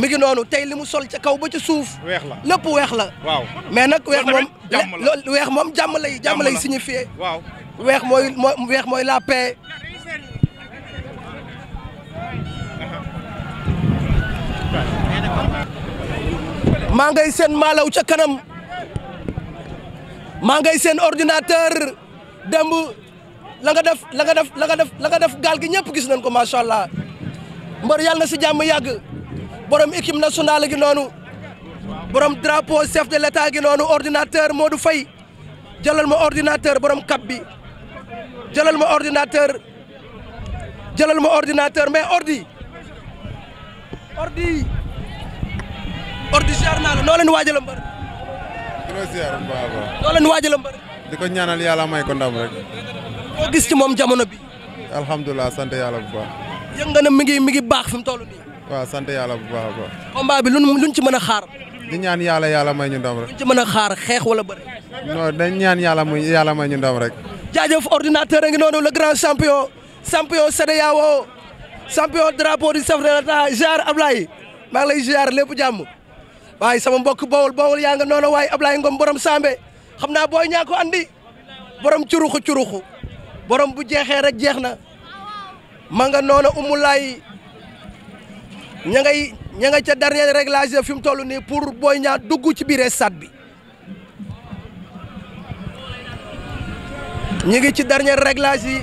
mi ngi noonu tey li mu sol ca kaw ba ca suuf. weex la lépp weex la. waaw mais nag weex moom. loolu weex moom jàmm lay jàmm lay signifié. waaw weex mooy moo weex mooy la paix. maa ngay seen maalaw ca kanam maa ngay seen ordinateur démb la nga def la nga def la nga def la nga def gaal gi ñëpp gis nañ ko macha allah mbër yàlla na si jàmm yàgg. borom équipe nationale gi noonu borom drapo chef de l'état gi noonu ordinateur moodu fay jëlal ma ordinateur borom cap bi jëlal ma ordinateur jëlal ma ordinateur mais ordi ordi ordi naa la noo leen waajal mbër. dina ziar bu baax a baax. noo leen di ko ñaanal yàlla may ko ndam rek. koo gis ci moom jamono bi. alhamdulilah sant yàlla bu baax. yëg mi ngi mi ngi baax fi mu toll nii. waaw sant yàlla bu baax a baax. combat bi luñ luñ ci mën a xaar. di ñaan yàlla yàlla may ñu rek. luñ ci mën a xaar xeex wala bëri. non ñaan yàlla muy yàlla may ñu ndam rek. jaajëf ordinateur a ngi noonu le grand champion champion CEDEAO champion drapeau du chef de l'État Gérard maa ngi lay ziar lépp jàmm waaye sama mbokk Bawol Bawol yaa nga noonu waaye Ablaye Ngom borom Sambe xam naa booy ñaako ko andi borom curuxu curuxu borom bu jeexee rek jeex na ma nga noonu umulaay ña ngay ña nga ca dernier réglage fi mu toll nii pour booy Niang dugg ci biir sat bi ñu ngi ci dernier réglage yi.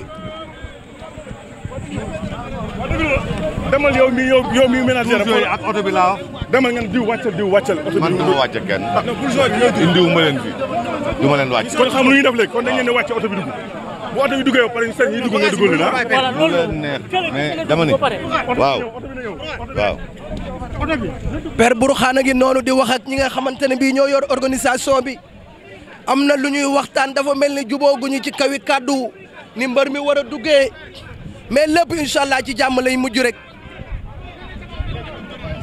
demal yow mi yow yow mi ménagère ak oto bi laa wax demal ngeen diw wàccal diw wàccal oto man duma wàcc kenn ah, indiwuma leen fi duma leen wàcc kon xam lu ñuy def léegi kon dañ di wàcc oto bi dugg bu oto bi duggee ba pare ñu seet ñi dugg nga duggul la. Ah. voilà loolu mais dama ne waaw waaw. Père Bourkhane gi noonu di wax ñi nga xamante ne ñoo yor organisation bi am na lu ñuy waxtaan dafa mel ni jubóoguñu ci kawi kàddu ni mbër mi war a duggee mais lépp incha ci jàmm lay mujj rek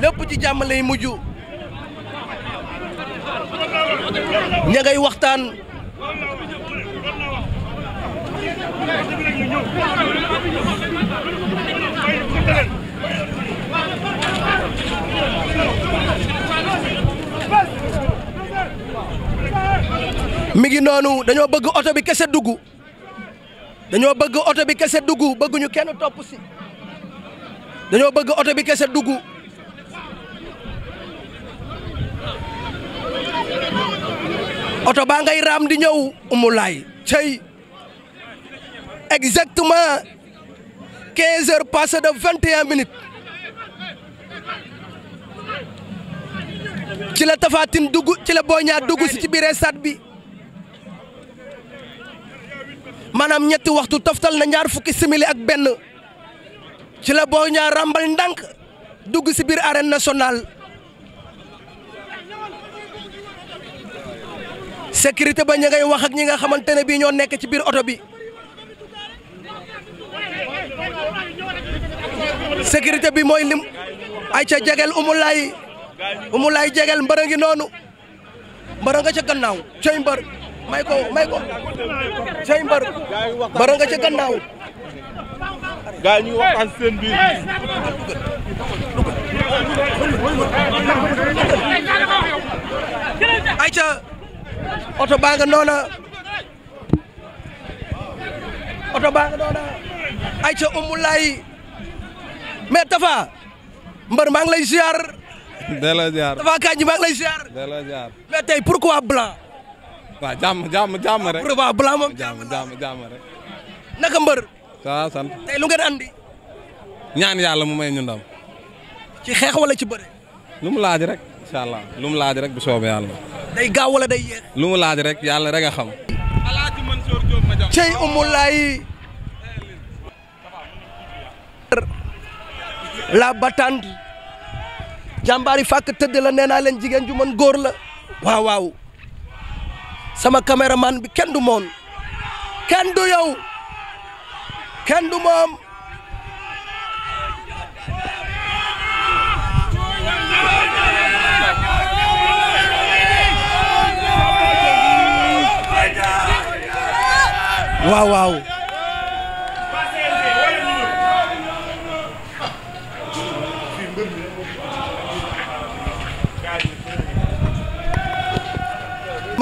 lépp ci jàmm lay mujj ña waxtaan. mi ngi noonu dañoo bëgg oto bi kese dugg dañoo bëgg oto bi kese dugg bëgguñu kenn topp si dañoo bëgg oto bi kese dugg oto baa ngay raam di ñëw umulaay cey exactement quinze heures passées de vingt et un minutes ci la Tapha dugg ci la Boy ñaar dugg si ci biir stade bi maanaam ñetti waxtu toftal na ñaar fukki simili ak benn ci la Boy Niang ràmbal ndànk dugg si biir arène nationale sécurité ba ña ngay wax ak ñi nga xamante ne bii ñoo nekk ci biir oto bi. sécurité bi mooy lim ay ca jegel umulaay umulaay jegel mbër a noonu mbër nga ca gannaaw cey may ko may ko cey nga ca gannaaw gaay ñu waxtaan ay ca oto baa nga noona oto baa nga noona ay ca umulaay mais Tafa mbër maa ngi lay ziar. delloo ziar Tafa Kandji maa ngi lay ziar. delloo ziar mais tey pourquoi blanc. waaw jàmm jàmm jàmm rek. pourquoi blanc moom jàmm jàmm jàmm rek. naka mbër. waaw sant tey andi. ñaan yàlla mu may ñu ci xeex wala ci bëre. lu mu laaj rek. incha allah lu mu laaj rek bu soobee yàlla. day gaaw wala day yéex. lu mu laaj rek yàlla rek a xam. alaaji Mansour la batande jàmbaar yi fàkk tëdd la nee naa leen jigéen ju mën góor la waaw waaw sama caméraman bi kenn moon kenn du yow kenn du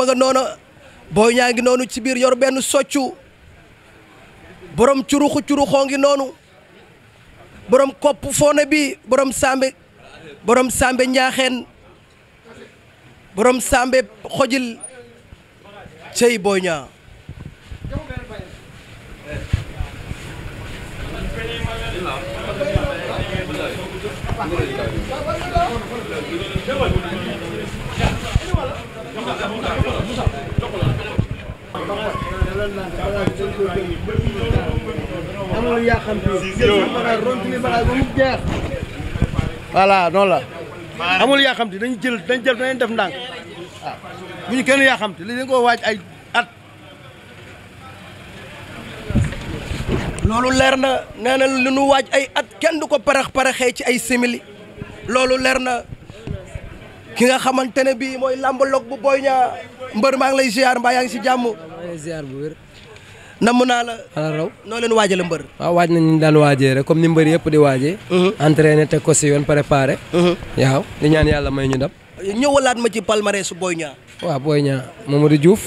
ma nga noona booy ñaa ngi noonu ci biir yor benn soccu borom curuxu curuxoo ngi noonu borom kopp foone bi borom sambe borom sambe njaaxeen borom sambe xojil cey booy ñaa voilà noonu la amul yaa xam jël dañ jël dañ def ndànk waaw bu ñu kenn yaa li dañ koo waaj ay at loolu leer na nee na li nu waaj ay at kenn du ko parax paraxee ci ay simili loolu leer na ki nga xamante ne bii mooy làmbaloog bu booy Niang mbër maa ngi lay ziar mbaa yaa ngi si jàmm. maa ngi ziar bu wér. namm naa la. ala raw noo leen waajal mbër. waaw waaj nañu daan waajee rek comme ni mbër yëpp di waajee. Mhm. entraîné teg ko si yoon préparé. Mhm. waaw di ñaan yàlla may ñu dab. ñëwalaat ma ci palmarès su Boy booy waaw Boy Niang Mamadou Diouf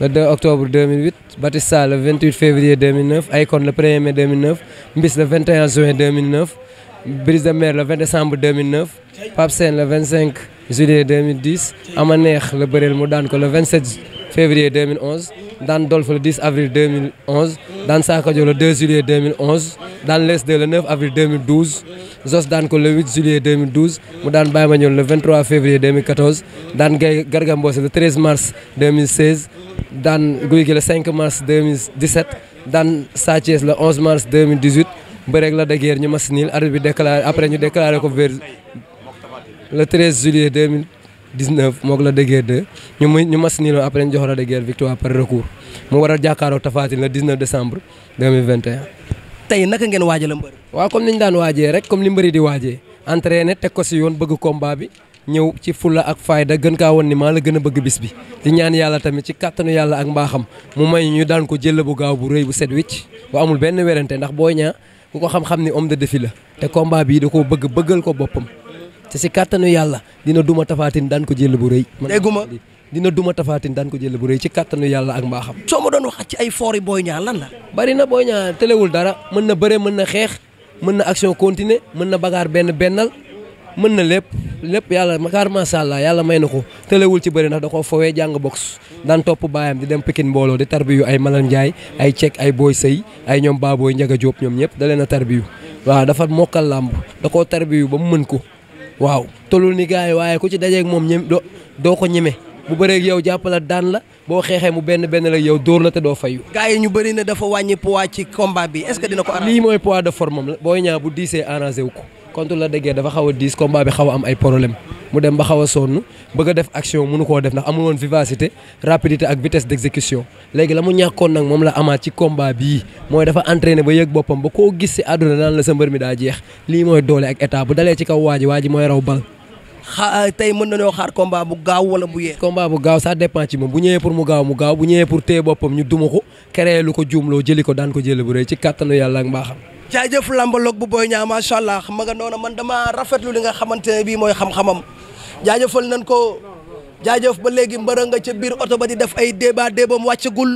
le 2 octobre 2008 Batista le 28 février 2009 Akon le 1er mai 2009 Mbis le 21 juin 2009. Brise de Mer le 20 décembre 2009 Pape Sène le 25 juillet 2010 la bëreel mu daan ko le 27 février 2011 daan Dolf le 10 avril daan Sakajo le 2 juillet 2011 daan Les 2 le 9 avril 2012 Zos daan ko le 8 juillet 2012 mu daan Baye Mandione le 23 février daan Gaye Garga Mbossé mars daan Gouye Gui le mars daan Sa Thiès le 11 mars 2018 mbëreeg Lac de Guiers ñu mas niil arbitre bi déclaré après ñu déclaré ko vers le 13 juillet 2019 moog Lac de Guiers 2 ñu ñu mas niiloon après ñu jox la de Guiers victoire par recours mu war a jàkkaaroo Tapha Tine le 19 décembre 2021. tey naka ngeen waajal mbër. waaw comme ni ñu daan waajee rek comme li mbëri di waajee entraîné teg ko si yoon bëgg combat bi. ñëw ci fulla ak fayda gën kaa woon ni maa la gën a bëgg bis bi di ñaan yàlla tamit ci kàttanu yàlla ak mbaaxam mu may ñu daan ko jël bu gaaw bu rëy bu set wicc bu benn werante ndax booy ñaa ku ko xam-xam ni homme de défi la te combat bii da koo bëgg bëggal ko boppam te si kàttanu yàlla dina duma tafaatin daan ko jël bu rëy. dégguma dina duma tafaatin daan ko jël bu rëy ci kàttanu yàlla ak mbaaxam. soo ma doon wax ci ay foori Boy Niang lan la. bari na Boy Niang telewul dara mën na bëre mën na xeex mën na action continuer mën na bagaar benn bennal mën na lépp lépp yàlla makaar macha allah yàlla may na ko telewul ci bëri ndax da koo fowee jàng box daan topp baayam dem Pikine mbooloo di tarbiyu ay Malal Ndiaye ay Cek ay Boy Sey ay ñoom Baboy Ndiaga Diop ñoom ñëpp da leen a tarbiyu waaw dafa mokkal làmb da koo tarbiyu ba mu mën ko waaw tolul ni gars yi waaye ku ci dajeeg moom ñem doo doo ko ñeme bu bëreeg yow jàppala daan la boo xeexee mu benn benn la yow dóor la te doo fayu. ñu bëri ne dafa wàññi poids ci combat bi est-ce que dina ko. lii mooy poids de forme booy ñaa bu diisee arrangé ko contre la déggee dafa a diis combat bi xaw a am ay problème mu dem ba xaw a sonn bëgg a def action mënu koo def ndax amul woon vivacité rapidité ak vitesse d'exécution léegi la mu ñàkkoon nag moom la amaat ci combat bii mooy dafa entraîné ba yëg boppam ba koo gis si àdduna daan la sa mbër mi daa jeex lii mooy doole ak état bu dalee ci kaw waaj ji waa ji mooy raw bal xa ah, tey mën nañoo xaar combat bu gaaw wala bu yee. combat bu gaaw ça dépend ci moom bu ñëwee pour mu gaaw mu gaaw bu ñëwee pour téye boppam ñu duma ko créé lu ko juumloo jëli ko daan ko jëli bu rëy ci kàttanu yàlla ak mbaaxam jaajëf lambaloog bu booy ñaa macha allah ma nga noona man dama rafetlu li nga xamante ne bii mooy xam-xamam jaajëfal nañ ko jaajëf ba léegi mbëra nga ca biir oto ba di def ay débat débam wàccagul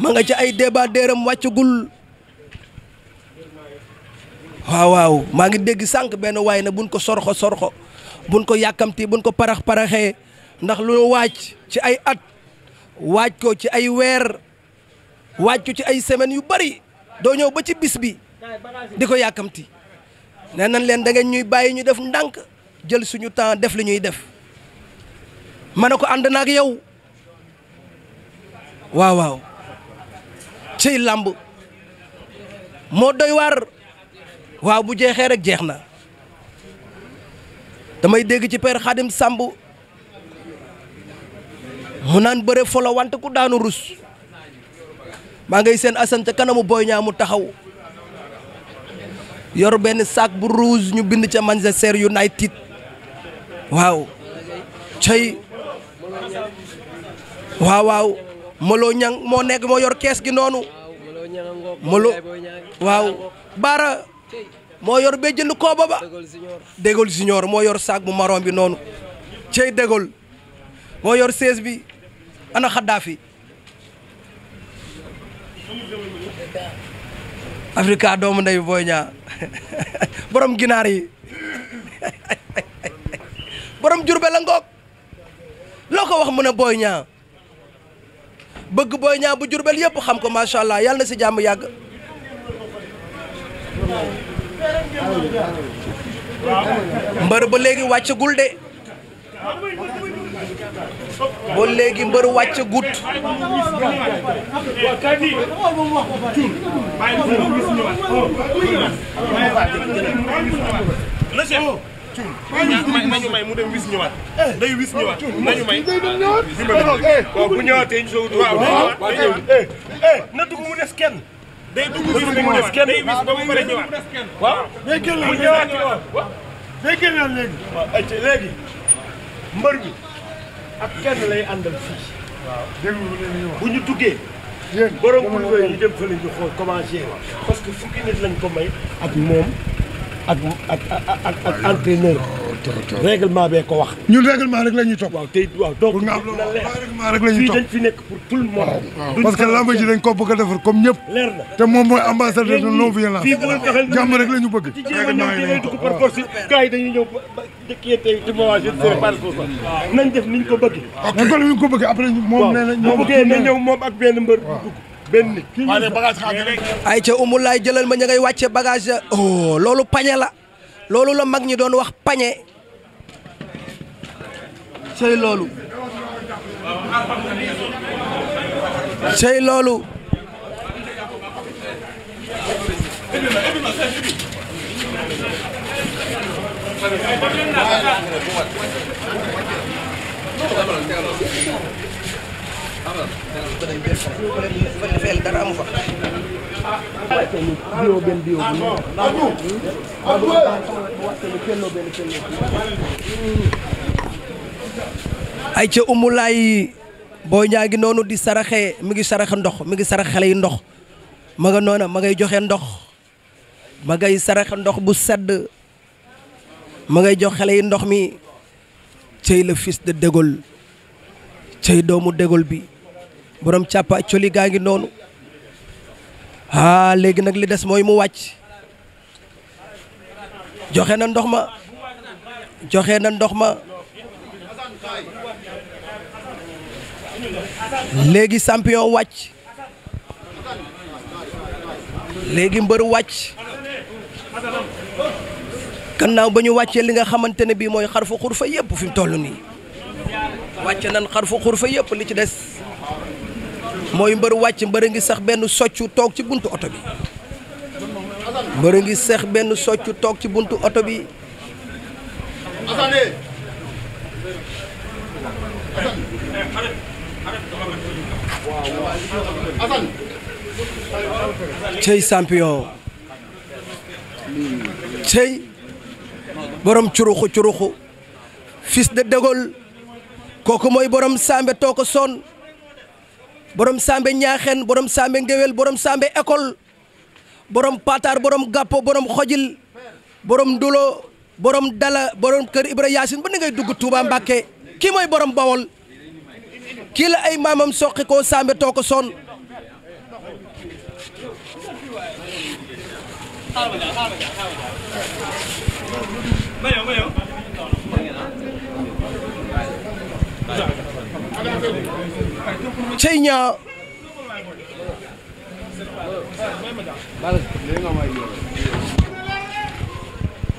ma nga ca ay débat wàccagul waaw maa ngi dégg sànq benn waay na buñ ko sorxo sorxo buñ ko yàkkamti buñ ko parax paraxee ndax lu waaj ci ay at waaj ko ci ay weer waaj ko ci ay semaines yu bari doo ñëw ba ci bis bi di ko yàkkamti nee nañ leen da ñuy bàyyi ñu def ndànk jël suñu temps def li ñuy def ma ne ko ànd na ak yow waaw waaw ciy làmb moo doy waar waaw bu jeexee rek jeex na damay dégg ci père Khadim Samb mu naan bëre folo wante ku daanu rus maa ngay seen Assane ca kanamu Boy Niang mu taxaw yor benn sac bu ruus ñu bind ca Manchester United waaw cey waaw waaw Molo Niang moo nekk moo yor kees gi noonu Molo waaw Baara moo yor bee jënd kooba ba Dégol Junior moo yor saak bu marron bi noonu cey Dégol moo yor sees bi ana Xaddaafi Afrika doomu ndeyu Boy Niang borom ginaar yi borom jurbe ngoog loo wax mu ne Boy Niang bëgg Boy Niang bu jurbel yëpp xam ko macha allah yàlla na si jàmm yàgg. mbër ba léegi wàccagul de. ba léegi mbër wàcc gut nañu may mu dem wis ñëwaat day wis ñëwaat nañu may eh. waaw bu ñëwaatee ñu soog eh. Eh. na dugg mu des kenn day dugg mu des kenn day wis ba mu pare ñëwaat waaw day kenn la léegi mbër bi ak kenn lay àndal fii. waaw déglu bu ñu duggee. yéen borom bu ñu dem fële ñu xool comment parce que fukki nit lañ ko may ak moom. ak ak ak ak entraîneur. règlement bee ko wax. ñun règlement rek la ñuy topp. waaw tey waaw donc nga am loolu règlement rek la ñuy topp fii dañ fi nekk pour tout le monde. parce que làmb ji dañ ko bëgg a defar comme ñëpp. leer na te moom mooy ambassadeur de non violence. jàmm rek la ñu bëgg. règlement yi la ñuy topp par force gars yi dañuy ñëw ba dëkkee tey ci moment je ne sais pas nañ def ni ñu ko bëgg. ok nañ ko ni ñu ko bëgg après moom nee na. ñëw moom ak benn mbër dugg benn kii ay ca umulaay jëlal ma ña ngay wàcce bagage oh, loolu pañe la loolu la mag ñi doon wax pañe sey loolu loolu ay ca umulaay boo ñaa ngi noonu di saraxe mi ngi sarax ndox mi ngi saraxe xale yi ndox ma nga noona ma ngay joxe ndox ma ngay saraxe ndox bu sedd ma ngay jox xale yi ndox mi cëy la fils de De doomu De bi borom càppa coli gaa ngi noonu ah léegi nag li des mooy mu wàcc joxe na ndox ma joxe na ndox ma léegi sampiyon wàcc léegi mbër wàcc gannaaw ba ñu wàccee li nga xamante ne bii mooy xarfu xurfa yëpp fi mu toll nii wàcce nan xarfu xurfa yëpp li ci des mooy mbër wàcc mbër a ngi sax benn soccu toog ci buntu oto bi mbër a ngi sax benn soccu toog ci buntu oto bi cey champion cey borom curuxu fis de Dégol kooku mooy borom sambe toog a sonn borom Sambe ñaaxeen borom Sambe ngewel borom Sambe école borom Patar borom Gàppo borom xojil borom Ndulo borom Dala borom Kër Ibra Yaasin ba ni dugg Touba Mbacke kii borom Bawol kii la ay maamam soqi koo Sambe too ko cey ñaa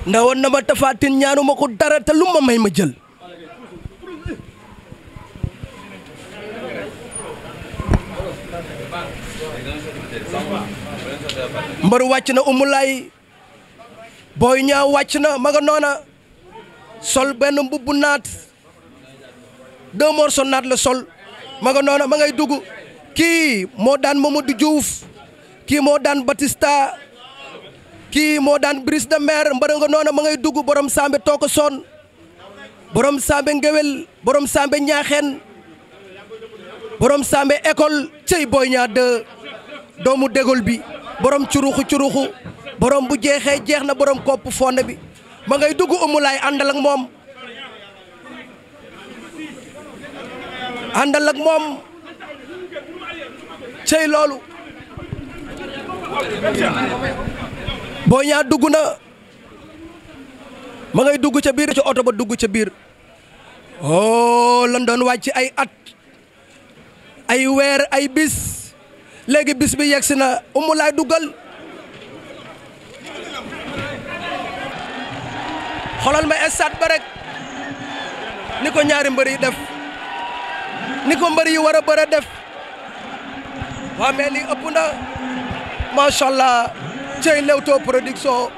ndawoon na ma tafaatin ñaanuma ko dara te lu ma may ma jël mbaru wàcc na umulaay booy ñaaw wàcc na ma nga sol benn mbubb naat deux morceaux naat la sol ma nga noona ma ngay dugg kii moo daan Mamadou Diouf kii moo daan Batista kii moo daan Brice de Mer mbara nga noona ma ngay dugg borom sambe tooko son borom sambe ngewel borom sambe ñaaxeen borom sambe école cey Boy Niang 2 doomu dégol bi borom curuxu curuxu borom bu jeexee jeex na borom kopp fonde bi ma ngay dugg amulaay àndal ak moom àndal ak moom cey loolu boo ñaar dugg na ma ngay dugg ca biir ci oto ba dugg ca biir oh doon wàcc ay at ay weer ay bis léegi bis bi yegsi na umu laay duggal xoolal ma stade ba rek ni ko ñaari mbër yi def ni ko mbër yi war a bëre def waa mais li ëpp na macha allah cey Leewtoo production